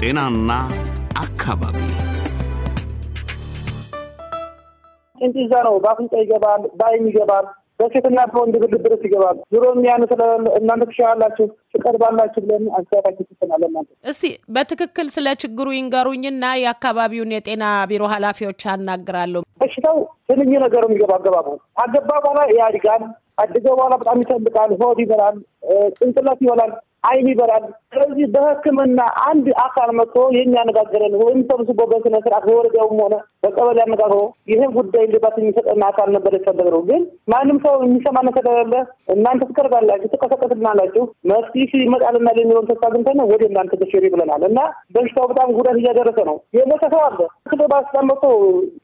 ጤናና አካባቢ ጭንጭዛ ነው። በአፍንጫ ይገባል፣ በአይን ይገባል፣ በሴትና በወንድ ብልት ድረስ ይገባል። ዞሮ እኛን ስለ እናንተ ትሻላችሁ ትቀርባላችሁ ብለን አስተያየታችሁ ትሰናለ። እናንተ እስቲ በትክክል ስለ ችግሩ ይንገሩኝና የአካባቢውን የጤና ቢሮ ኃላፊዎች አናግራለሁ። በሽታው ትንኝ ነገሩም ይገባ አገባቡ አገባ በኋላ ያድጋል አደገ በኋላ በጣም ይጠብቃል ሆድ ይበላል፣ ጭንቅላት ይበላል፣ አይን ይበላል። ስለዚህ በሕክምና አንድ አካል መጥቶ የሚያነጋግረን ወይም ሰብስቦ በስነ ስርዓት በወረዳውም ሆነ በቀበሌ አነጋግሮ ይህን ጉዳይ ልባት የሚሰጠን አካል ነበር የተፈለግነው። ግን ማንም ሰው የሚሰማን ስለሌለ እናንተ ትቀርባላችሁ፣ ትቀሰቀስልናላችሁ፣ መፍትሄ ይመጣልናል የሚለውን ተስፋ አግኝተን ወደ እናንተ ተሽሪ ብለናል እና በሽታው በጣም ጉዳት እያደረሰ ነው። የሞተ ሰው አለ። ባስቀመጡ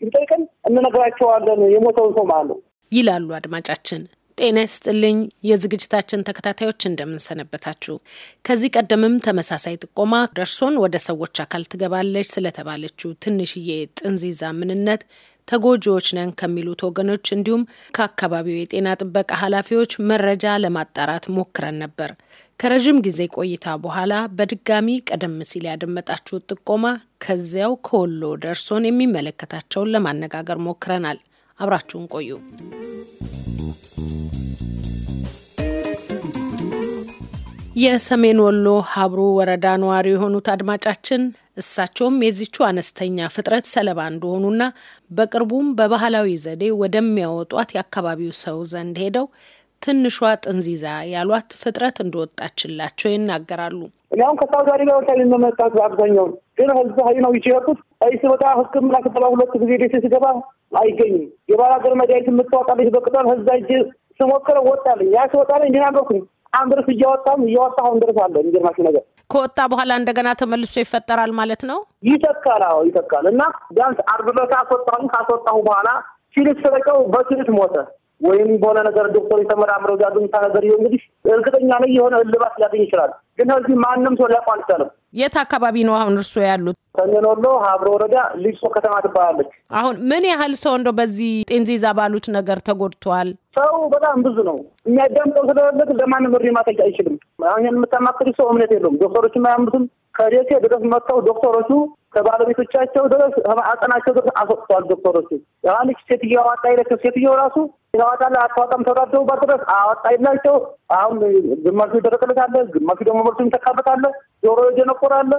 ይጠይቀን እንነግራቸዋለን የሞተውን ሰው ማለት ነው ይላሉ አድማጫችን። ጤና ይስጥልኝ የዝግጅታችን ተከታታዮች እንደምንሰነበታችሁ። ከዚህ ቀደምም ተመሳሳይ ጥቆማ ደርሶን ወደ ሰዎች አካል ትገባለች ስለተባለችው ትንሽዬ ጥንዚዛ ምንነት ተጎጂዎች ነን ከሚሉት ወገኖች እንዲሁም ከአካባቢው የጤና ጥበቃ ኃላፊዎች መረጃ ለማጣራት ሞክረን ነበር። ከረዥም ጊዜ ቆይታ በኋላ በድጋሚ ቀደም ሲል ያደመጣችሁት ጥቆማ ከዚያው ከወሎ ደርሶን የሚመለከታቸውን ለማነጋገር ሞክረናል። አብራችሁን ቆዩ። የሰሜን ወሎ ሀብሩ ወረዳ ነዋሪ የሆኑት አድማጫችን እሳቸውም የዚቹ አነስተኛ ፍጥረት ሰለባ እንደሆኑና በቅርቡም በባህላዊ ዘዴ ወደሚያወጧት የአካባቢው ሰው ዘንድ ሄደው ትንሿ ጥንዚዛ ያሏት ፍጥረት እንደወጣችላቸው ይናገራሉ። እኔ ከሳውዲ አረቢያ ወታደር ልንመጣት በአብዛኛው ግን ህዝብ ሀይ ነው ይችላቁት አይ ስወጣ ህክምና ክትባ ሁለት ጊዜ ቤት ስገባ አይገኝም። የባል ሀገር መድኃኒት የምትወጣለች በቅጠል ህዛ እጅ ስሞክረ ወጣለኝ። ያ ስወጣለኝ እንዲህ አልኩኝ። አሁን እያወጣም እያወጣ አሁን ድረስ አለ። የሚገርማችሁ ነገር ከወጣ በኋላ እንደገና ተመልሶ ይፈጠራል ማለት ነው። ይተካል። አዎ ይተካል። እና ቢያንስ አርብ ዕለት አስወጣሁ ካስወጣሁ በኋላ ሲልስ ስለቀው በሲልስ ሞተ። ወይም በሆነ ነገር ዶክተር የተመራምረው ያገኙታ ነገር ይኸው እንግዲህ እርግጠኛ ላይ የሆነ እልባት ሊያገኝ ይችላል። ግን እዚህ ማንም ሰው ሊያውቀው አልቻለም። የት አካባቢ ነው አሁን እርሶ ያሉት? ሰሜን ወሎ ሀብሮ ወረዳ ልጅሶ ከተማ ትባላለች። አሁን ምን ያህል ሰው እንደው በዚህ ጤንዜዛ ባሉት ነገር ተጎድቷል? ሰው በጣም ብዙ ነው። የሚያዳምጠው ስለሌለ ለማንም እሪ ማጠቅ አይችልም። አሁን የምታማክሪ ሰው እምነት የለውም። ዶክተሮችም አያምኑትም። ከደሴ ድረስ መጥተው ዶክተሮቹ ከባለቤቶቻቸው ድረስ አጠናቸው ድረስ አስወጥተዋል። ዶክተሮቹ ያልች ሴትዮዋ አጣይለቸው ሴትዮው ራሱ ታወጣለህ አታወጣም ተወዳድረውባት ድረስ አወጣ የላቸው አሁን ግማሹ ይደረቅለታል፣ ግማሹ ደግሞ መርሱ ይተካበታል። ጆሮ የጀነቆራለ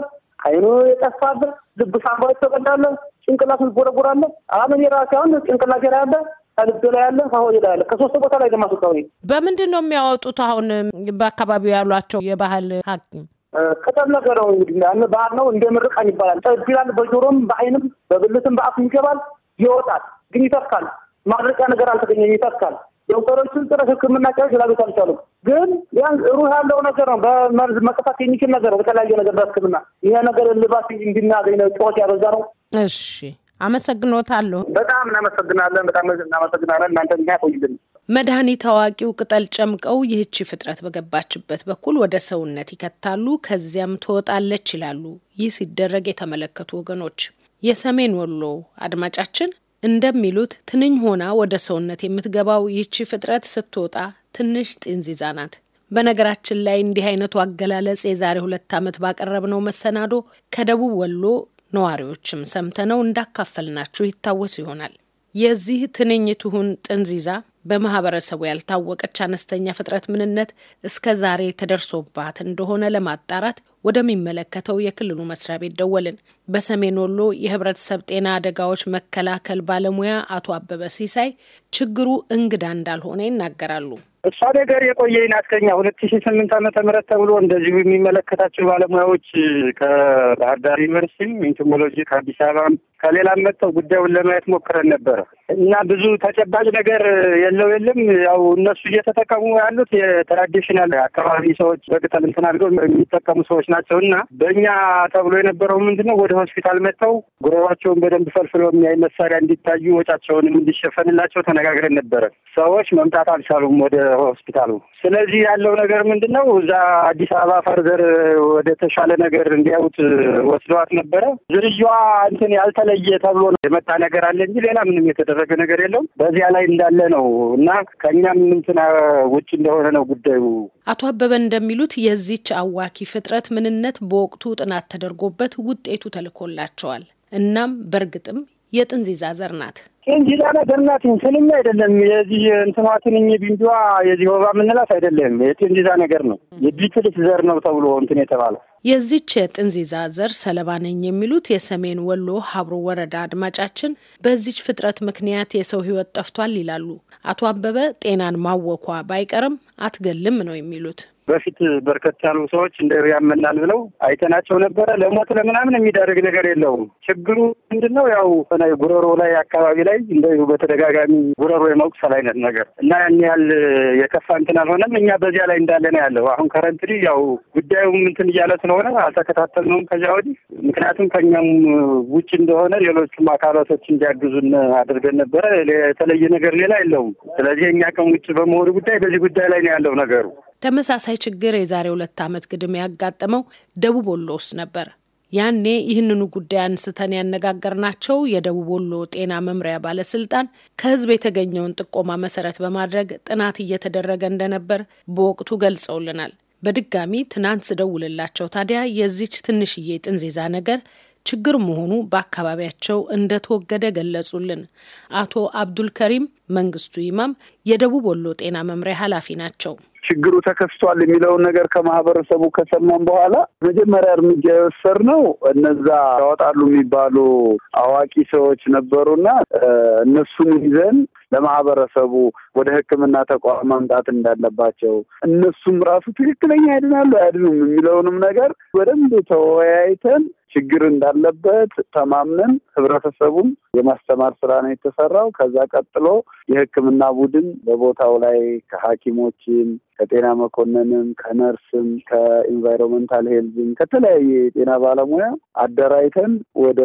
አይኑ የጠፋለ፣ ልብ ሳምባ የተበላለ፣ ጭንቅላቱ ይጎረጎራለ። አሁን የራሴ አሁን ጭንቅላት ያለ ከልብ ላይ ያለ ከሆድ ይላል። ያለ ከሶስት ቦታ ላይ ለማስወጣው በምንድን ነው የሚያወጡት? አሁን በአካባቢው ያሏቸው የባህል ሐኪም ቅጠል ነገር ነው እንግዲህ ባህል ነው። እንደ ምርቃን ይባላል። ጠብ ይላል። በጆሮም በአይንም በብልትም በአፍ ይገባል፣ ይወጣል፣ ግን ይተካል ማድረቂያ ነገር አልተገኘም። ይተካል። ዶክተሮችን ጥረት ህክምና ጫዎች ላቤት አልቻሉም። ግን ያን ሩህ ያለው ነገር ነው። በመርዝ መቀጣት የሚችል ነገር በተለያየ ነገር በህክምና ይሄ ነገር ልባት እንዲናገኝ ነው። ጩኸት ያበዛ ነው። እሺ፣ አመሰግኖታለሁ። በጣም እናመሰግናለን። በጣም እናመሰግናለን። እናንተ ኛ ቆይልን መድኃኒት አዋቂው ቅጠል ጨምቀው ይህቺ ፍጥረት በገባችበት በኩል ወደ ሰውነት ይከታሉ፣ ከዚያም ትወጣለች ይላሉ። ይህ ሲደረግ የተመለከቱ ወገኖች የሰሜን ወሎ አድማጫችን እንደሚሉት ትንኝ ሆና ወደ ሰውነት የምትገባው ይቺ ፍጥረት ስትወጣ ትንሽ ጢንዚዛ ናት። በነገራችን ላይ እንዲህ አይነቱ አገላለጽ የዛሬ ሁለት ዓመት ባቀረብነው መሰናዶ ከደቡብ ወሎ ነዋሪዎችም ሰምተነው እንዳካፈልናችሁ ይታወስ ይሆናል። የዚህ ትንኝ ትሁን ጥንዚዛ በማህበረሰቡ ያልታወቀች አነስተኛ ፍጥረት ምንነት እስከ ዛሬ ተደርሶባት እንደሆነ ለማጣራት ወደሚመለከተው የክልሉ መስሪያ ቤት ደወልን። በሰሜን ወሎ የህብረተሰብ ጤና አደጋዎች መከላከል ባለሙያ አቶ አበበ ሲሳይ ችግሩ እንግዳ እንዳልሆነ ይናገራሉ። እሷ ነገር የቆየ ናት። ሁለት ሺ ስምንት ዓመተ ምህረት ተብሎ እንደዚሁ የሚመለከታቸው ባለሙያዎች ከባህር ዳር ዩኒቨርሲቲም ኢንቶሞሎጂ ከአዲስ አበባም ከሌላም መጥተው ጉዳዩን ለማየት ሞክረን ነበረ እና ብዙ ተጨባጭ ነገር የለው የለም። ያው እነሱ እየተጠቀሙ ያሉት የትራዲሽናል አካባቢ ሰዎች በቅጠል እንትን አድርገው የሚጠቀሙ ሰዎች ናቸው እና በእኛ ተብሎ የነበረው ምንድነው ወደ ሆስፒታል መጥተው ጉሮሯቸውን በደንብ ፈልፍለው የሚያይ መሳሪያ እንዲታዩ ወጫቸውንም እንዲሸፈንላቸው ተነጋግረን ነበረ። ሰዎች መምጣት አልቻሉም ወደ ሆስፒታሉ። ስለዚህ ያለው ነገር ምንድነው እዛ አዲስ አበባ ፈርዘር ወደ ተሻለ ነገር እንዲያዩት ወስደዋት ነበረ። ዝርያ እንትን ያልተለ ተለየ ተብሎ የመጣ ነገር አለ እንጂ ሌላ ምንም የተደረገ ነገር የለውም። በዚያ ላይ እንዳለ ነው እና ከእኛም እንትና ውጭ እንደሆነ ነው ጉዳዩ። አቶ አበበ እንደሚሉት የዚች አዋኪ ፍጥረት ምንነት በወቅቱ ጥናት ተደርጎበት ውጤቱ ተልኮላቸዋል። እናም በእርግጥም የጥንዚዛ ዘር ናት። ጥንዚዛ ናት ስልም አይደለም የዚህ እንትኗ ትንኝ ቢንቢዋ የዚህ ወባ የምንላት አይደለም። የጥንዚዛ ነገር ነው። የቢትልስ ዘር ነው ተብሎ እንትን የተባለ የዚች የጥንዚዛ ዘር ሰለባ ነኝ የሚሉት የሰሜን ወሎ ሀብሮ ወረዳ አድማጫችን በዚች ፍጥረት ምክንያት የሰው ሕይወት ጠፍቷል ይላሉ። አቶ አበበ ጤናን ማወኳ ባይቀርም አትገልም ነው የሚሉት በፊት በርከት ያሉ ሰዎች እንደ ያመናል ብለው አይተናቸው ነበረ። ለሞት ለምናምን የሚደረግ ነገር የለውም። ችግሩ ምንድን ነው? ያው ጉረሮ ላይ አካባቢ ላይ እንደ በተደጋጋሚ ጉረሮ የመቁሰል አይነት ነገር እና ያን ያህል የከፋ እንትን አልሆነም። እኛ በዚያ ላይ እንዳለ ነው ያለው። አሁን ከረንትሪ ያው ጉዳዩም እንትን እያለ ስለሆነ አልተከታተልነውም ከዚያ ወዲህ። ምክንያቱም ከእኛም ውጭ እንደሆነ ሌሎቹም አካላቶች እንዲያግዙን አድርገን ነበረ። የተለየ ነገር ሌላ የለውም። ስለዚህ እኛ ቀን ውጭ በመሆኑ ጉዳይ በዚህ ጉዳይ ላይ ነው ያለው ነገሩ ተመሳሳይ ችግር የዛሬ ሁለት ዓመት ግድም ያጋጠመው ደቡብ ወሎ ውስጥ ነበር። ያኔ ይህንኑ ጉዳይ አንስተን ያነጋገርናቸው የደቡብ ወሎ ጤና መምሪያ ባለስልጣን ከህዝብ የተገኘውን ጥቆማ መሰረት በማድረግ ጥናት እየተደረገ እንደነበር በወቅቱ ገልጸውልናል። በድጋሚ ትናንት ስደውልላቸው ታዲያ የዚች ትንሽዬ ጥንዚዛ ነገር ችግር መሆኑ በአካባቢያቸው እንደተወገደ ገለጹልን። አቶ አብዱልከሪም መንግስቱ ይማም የደቡብ ወሎ ጤና መምሪያ ኃላፊ ናቸው። ችግሩ ተከስቷል የሚለውን ነገር ከማህበረሰቡ ከሰማን በኋላ መጀመሪያ እርምጃ የወሰድነው እነዛ ያወጣሉ የሚባሉ አዋቂ ሰዎች ነበሩና እነሱን ይዘን ለማህበረሰቡ ወደ ሕክምና ተቋም ማምጣት እንዳለባቸው እነሱም ራሱ ትክክለኛ ያድናሉ አያድኑም የሚለውንም ነገር በደንብ ተወያይተን ችግር እንዳለበት ተማምነን ህብረተሰቡም የማስተማር ስራ ነው የተሰራው። ከዛ ቀጥሎ የሕክምና ቡድን በቦታው ላይ ከሐኪሞችም ከጤና መኮንንም ከነርስም ከኢንቫይሮንመንታል ሄልዝም ከተለያየ የጤና ባለሙያ አደራጅተን ወደ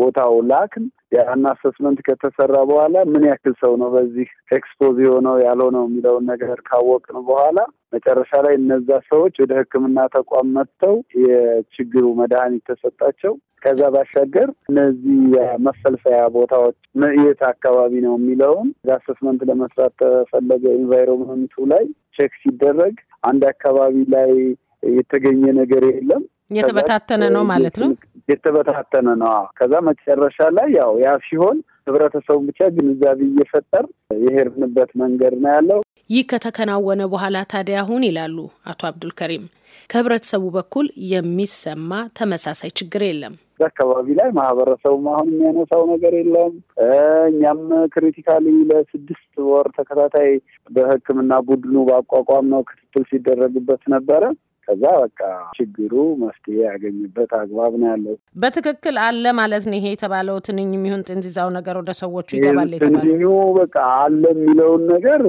ቦታው ላክን። ያን አሰስመንት ከተሰራ በኋላ ምን ያክል ሰው ነው በዚህ ኤክስፖዝ የሆነው ያልሆነው የሚለውን ነገር ካወቅን በኋላ መጨረሻ ላይ እነዛ ሰዎች ወደ ህክምና ተቋም መጥተው የችግሩ መድኃኒት ተሰጣቸው። ከዛ ባሻገር እነዚህ የመፈልፈያ ቦታዎች የት አካባቢ ነው የሚለውን አሰስመንት ለመስራት ተፈለገ ኢንቫይሮንመንቱ ላይ ቼክ ሲደረግ አንድ አካባቢ ላይ የተገኘ ነገር የለም። የተበታተነ ነው ማለት ነው። የተበታተነ ነው። ከዛ መጨረሻ ላይ ያው ያ ሲሆን ህብረተሰቡ ብቻ ግንዛቤ እየፈጠር የሄድንበት መንገድ ነው ያለው። ይህ ከተከናወነ በኋላ ታዲያ አሁን ይላሉ አቶ አብዱልከሪም ከህብረተሰቡ በኩል የሚሰማ ተመሳሳይ ችግር የለም። አካባቢ ላይ ማህበረሰቡም አሁን የሚያነሳው ነገር የለም። እኛም ክሪቲካሊ ለስድስት ወር ተከታታይ በህክምና ቡድኑ በአቋቋም ነው ክትትል ሲደረግበት ነበረ። ከዛ በቃ ችግሩ መፍትሄ ያገኝበት አግባብ ነው ያለው። በትክክል አለ ማለት ነው። ይሄ የተባለው ትንኝ የሚሆን ጥንዚዛው ነገር ወደ ሰዎቹ ይገባል ትንኙ በቃ አለ የሚለውን ነገር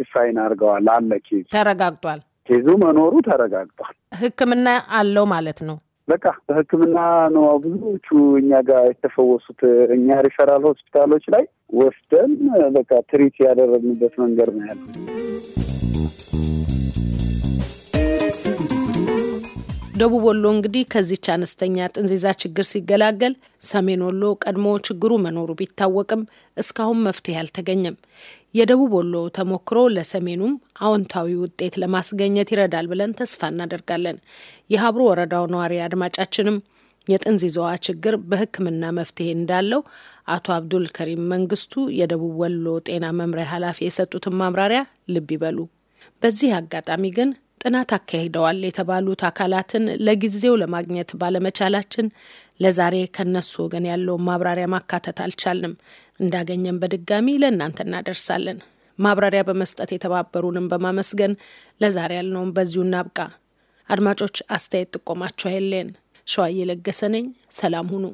ዲፋይን አድርገዋል። አለ ተረጋግጧል። ኬዙ መኖሩ ተረጋግጧል። ህክምና አለው ማለት ነው። በቃ በህክምና ነው ብዙዎቹ እኛ ጋር የተፈወሱት። እኛ ሪፈራል ሆስፒታሎች ላይ ወስደን በቃ ትሪት ያደረግንበት መንገድ ነው ያለው። ደቡብ ወሎ እንግዲህ ከዚች አነስተኛ ጥንዚዛ ችግር ሲገላገል፣ ሰሜን ወሎ ቀድሞ ችግሩ መኖሩ ቢታወቅም እስካሁን መፍትሄ አልተገኘም። የደቡብ ወሎ ተሞክሮ ለሰሜኑም አዎንታዊ ውጤት ለማስገኘት ይረዳል ብለን ተስፋ እናደርጋለን። የሀብሩ ወረዳው ነዋሪ አድማጫችንም የጥንዚዛዋ ችግር በሕክምና መፍትሄ እንዳለው አቶ አብዱል ከሪም መንግስቱ የደቡብ ወሎ ጤና መምሪያ ኃላፊ የሰጡትን ማብራሪያ ልብ ይበሉ። በዚህ አጋጣሚ ግን ጥናት አካሂደዋል የተባሉት አካላትን ለጊዜው ለማግኘት ባለመቻላችን ለዛሬ ከነሱ ወገን ያለውን ማብራሪያ ማካተት አልቻልንም። እንዳገኘን በድጋሚ ለእናንተ እናደርሳለን። ማብራሪያ በመስጠት የተባበሩንም በማመስገን ለዛሬ ያልነውም በዚሁ እናብቃ። አድማጮች፣ አስተያየት ጥቆማችሁ አይለየን። ሸዋዬ ለገሰ ነኝ። ሰላም ሁኑ።